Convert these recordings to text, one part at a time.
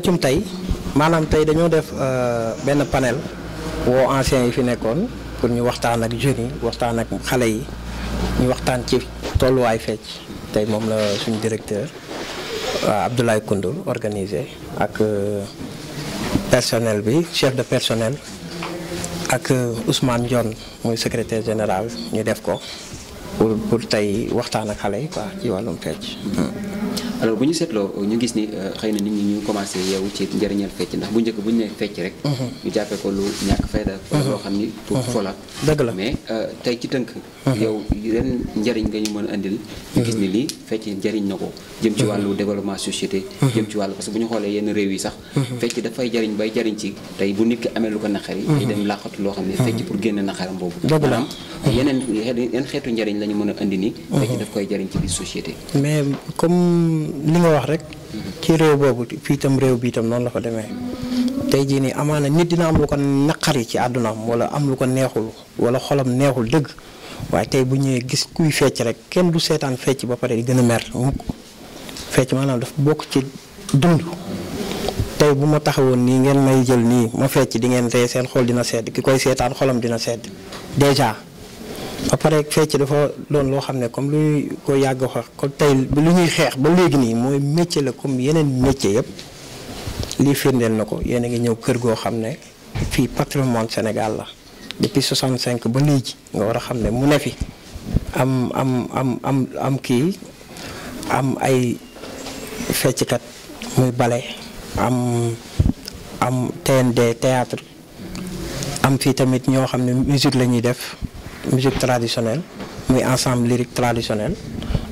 peccum tey maanaam tey dañoo def euh, benn panel woo anciens yi fi nekkoon pour ñu waxtaan ak jeunes waxtaan ak xale yi ñu waxtaan ci tolluwaay fecc tey moom la suñu directeur euh, Abdoulaye Koundou organisé ak euh, personnel bi chef de personnel ak Ousmane Dione muy secretaire général ñu def ko pour pour tey waxtaan ak xale yi quoi ci wàllum fecc alors bu ñu seetloo ñu gis ni euh, xëy na nit ñi ñu commencé yeewu ci njëriñal fecc ndax bu njëkk bu ñu nee fecc rek. Mhm. ñu jàppee ko lu ñàkk fayda. Mhm. loo xam ni pour mhm. fola. dëgg la mais euh, ci tënk. yow ren njëriñ mën indil. ñu gis ni lii fecc njëriñ na ko. jëm ci wàllu développement société. jëm ci wàllu parce que bu ñu xoolee yenn réew yi sax. fecc dafay jariñ bay jariñ ci tey bu nit ki amee lu ko naqari. day dem làqatu loo xam ne fecc pour génn naqaram boobu. dëgg yeneen yeneen xeetu njëriñ la ñu mën a indi nii. ci daf koy jëriñ ci biir société. mais comme li nga wax rek. ci réew boobu fii tam réew bii tam noonu la fa demee. tey jii nii amaana nit dina am lu ko naqari ci àddunaam wala am lu ko neexul wala xolam neexul dëgg waaye tey bu ñëwee gis kuy fecc rek kenn du seetaan fecc ba pare di gën a mer fecc maanaam dafa bokk ci dund. tey bu ma taxawoon nii ngeen may jël nii ma fecc di ngeen ree seen xool dina sedd ki koy seetaan xolam dina sedd déjà. ba pare fecc dafa doon loo xam ne comme lu ko yàgg wax kon tey lu ñuy xeex ba léegi nii mooy métier la comme yeneen métier yëpp lii firndeel na ko yéen a ngi ñëw kër goo xam ne fii patrimoine Sénégal la depuis cinq ba léegi nga war a xam ne mu ne fi am am am am am kii am ay fecckat muy bale am am TND théâtre am fii tamit ñoo xam ne musique la ñuy def musique traditionnelle muy ensemble lyrique traditionnel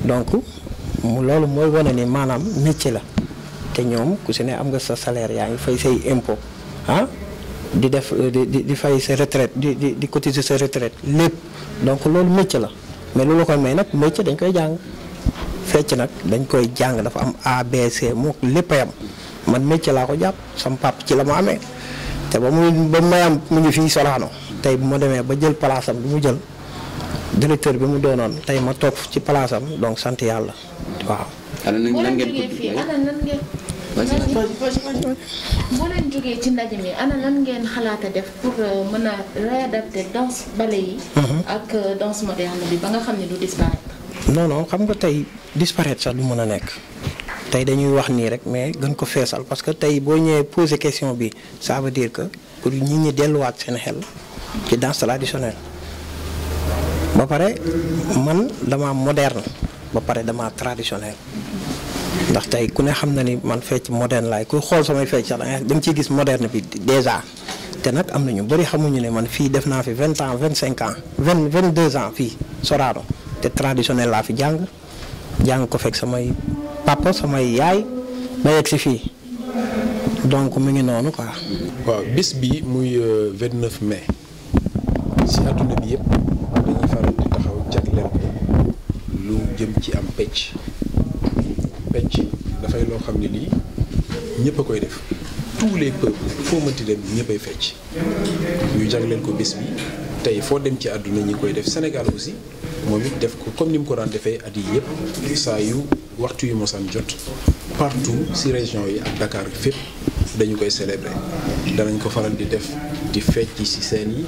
donc mu loolu mooy wane ni maanaam métier la te ñoom ku si ne am nga sa salaire yaa ngi fay say impôt ah di def euh, di di fay sa retraite di di di cotiser sa retraite lépp donc loolu métier la mais loolu la ko may nag métier dañ koy jàng fecc nag dañ koy jàng dafa am ABC moo lépp a yam man métier laa ko jàpp sam pap ci la ma amee. te ba mu ba mu may am mu tey bu ma demee ba jël palaasam bi mu jël directeur bi mu doonoon tey ma toog ci palaasam donc sant yàlla waaw. ana nan ngeen ci ndaje mi ana nan ngeen xalaat def pour euh, mën a réadapter danse ballet yi. Mhm. ak euh, danse moderne bi ba nga xam ne du disparaître. non xam nga tey disparaître sax du mën a nekk. tey dañuy wax nii rek mais gën ko feesal parce que tey boo ñëwee poser question bi ça veut dire que pour ñi ñi delluwaat seen xel ci danse traditionnelle ba pare man dama moderne ba pare dama traditionnel ndax tey ku ne xam na ni man fecc moderne laay kuy xool samay fecc sax da nga gis moderne bi déjà te nag am na ñu bëri xamuñu ne man fii def naa fi vingt ans vingt cinq ans vingt vingt deux ans fii Sorano te traditionnel laa fi jàng jàng ko fekk samay papa samay yaay ba yegg si fii donc mu ngi noonu quoi. waaw bis bi muy 29 euh, mai si àdduna bi yëpp dañuy jëm ci am pecc pecc dafay loo xam ne lii ñëpp a koy def tous les peuples foo mënti dem ñëppay fecc ñu jagleel ko bis bi tey foo dem ci àdduna ñi koy def senegal aussi moom it def ko comme ni mu ko daan defee at yëpp saa yu waxtu yu mosaan jot partout ci région yi ak Dakar fépp dañu koy célébrer danañ ko faral di def di fecc ci seen yi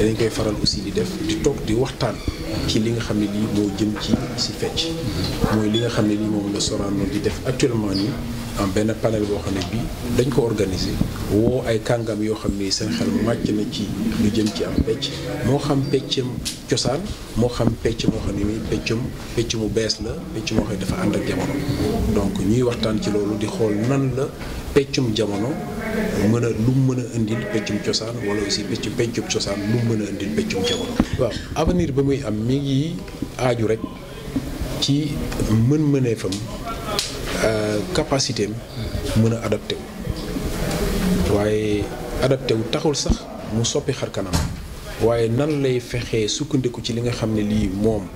danañ koy faral aussi di def di toog di waxtaan ci li nga xam ne lii moo jëm ci si fecc mooy li nga xam ne lii moom la Sorano di def actuellement nii am benn panel boo xam ne bi dañ ko organisé woo ay kàngam yoo xam ne seen xel màcc na ci lu jëm ci am pecc moo xam peccam cosaan moo xam pecc moo xam ne mi peccam pecc mu bees la pecc moo xam ne ànd ak jamono donc ñuy waxtaan ci loolu di xool nan la peccum jamono mën a lu mën a indil peccum cosaan wala aussi pecc peccum cosaan lu mën a indil peccum jamono waaw avenir ba muy am mi ngi aaju rek ci mën-mëneefam euh, capacité am mën a adapté waaye adapté wu taxul sax mu soppi xar kanam waaye nan lay fexee sukkandiku ci li nga xam ne lii moom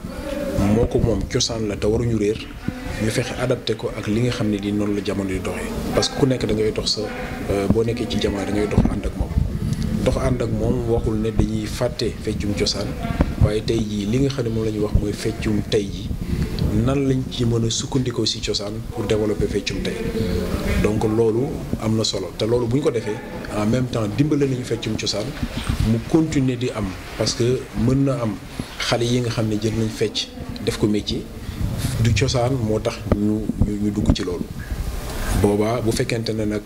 moo ko moom cosaan la te waruñu réer ñu fexe adapté ko ak li nga xam ne lii noonu la jamono di doxee parce que ku nekk da ngay dox sa euh, boo nekkee ci jamono da ngay dox ànd ak dafa ànd ak moom waxul ne dañuy fàtte feccum cosaan waaye tey jii li nga xam ne moom la ñuy wax mooy feccum tey ji nan lañ ci mën a sukkandikoo si cosaan pour développer feccum tey donc loolu am na solo te loolu bu ñu ko defee en même temps dimbale nañu feccum cosaan mu continuer di am parce que mën na am xale yi nga xam ne jël nañ fecc def ko métier du cosaan moo tax ñu ñu dugg ci loolu boobaa bu fekkente ne nag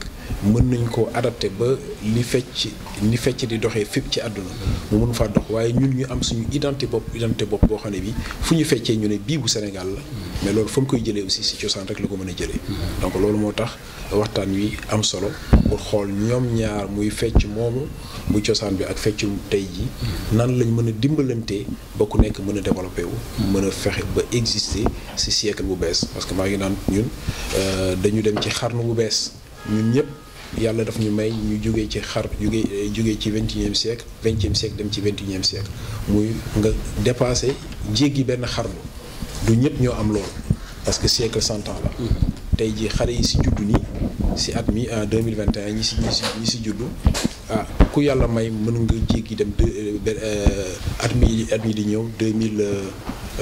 mën nañ koo adapté ba li fecc li fecc di doxee fépp ci àdduna mu mën faa dox waaye ñun ñu am suñu identité bopp identité bopp boo xam ne bi fu ñu feccee ñu ne bii bu Sénégal la mais loolu fa mu koy jëlee aussi si cosaan rek la ko mën a jëlee mm-hmm. donc loolu moo tax waxtaan wi am solo xool ñoom ñaar muy fecc moomu muy cosaan bi ak fecc tey ji nan lañ mën a dimbalantee ba ku nekk mën a développé wu mën a fexe ba exister ci siècle bu bees parce que maa ngi naan ñun euh, dañu dem ci xarnu bu bees ñun ñëpp yàlla daf ñu may ñu jógee ci xar jógee jógee ci vingt et unième siècle dem ci vingt et unième muy nga dépassé jéggi benn xarnu du ñëpp ñoo am lool parce que siècle cent la tey jii xale yi si juddu nii si at mi en 2021 ñi si ñi si ñi si juddu ah ku yàlla may mën nga jéggi dem deux at mi at di ñëw 2000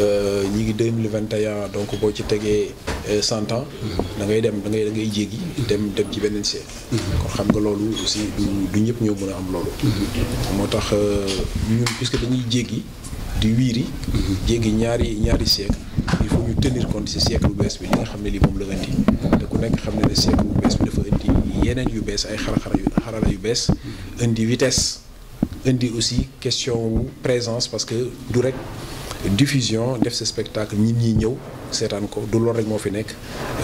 euh, ñi ngi 2021 donc boo ci tegee euh, cent ans. da ngay dem da ngay da ngay jéggi. dem dem ci beneen seet. Mm-hmm. kon xam nga loolu aussi du du ñëpp ñoo mën a am loolu. Mm-hmm. moo tax euh, ñun puisque dañuy jéggi di wiiri. Mm-hmm. jéggi ñaari ñaari siècle. tenir compte si siècle bu bees bi li nga xam ne lii moom la indi te ku nekk xam ne ne siècle bu bees bi dafa indi yeneen yu bees ay xar-xar yu xarala yu bees indi vitesse indi aussi question wu présence parce que du rek diffusion def sa spectacle nit ñi ñëw seetaan ko du loolu rek moo fi nekk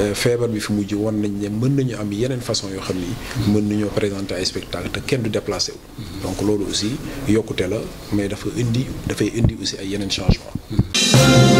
euh, feebar bi fi mujj woon nañ ne mën nañu am yeneen façon yoo xam ni mën nañoo présenter ay spectacle te kenn du déplacé wu donc loolu aussi yokkute la mais dafa indi dafay indi aussi ay yeneen changement